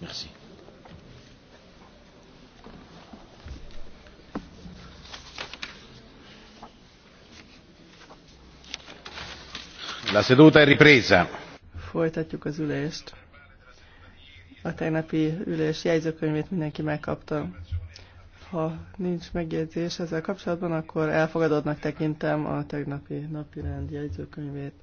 Merci. La seduta è ripresa. Folytatjuk az ülést. A tegnapi ülés jegyzőkönyvét mindenki megkapta. Ha nincs megjegyzés ezzel kapcsolatban, akkor elfogadottnak tekintem a tegnapi napi rend jegyzőkönyvét.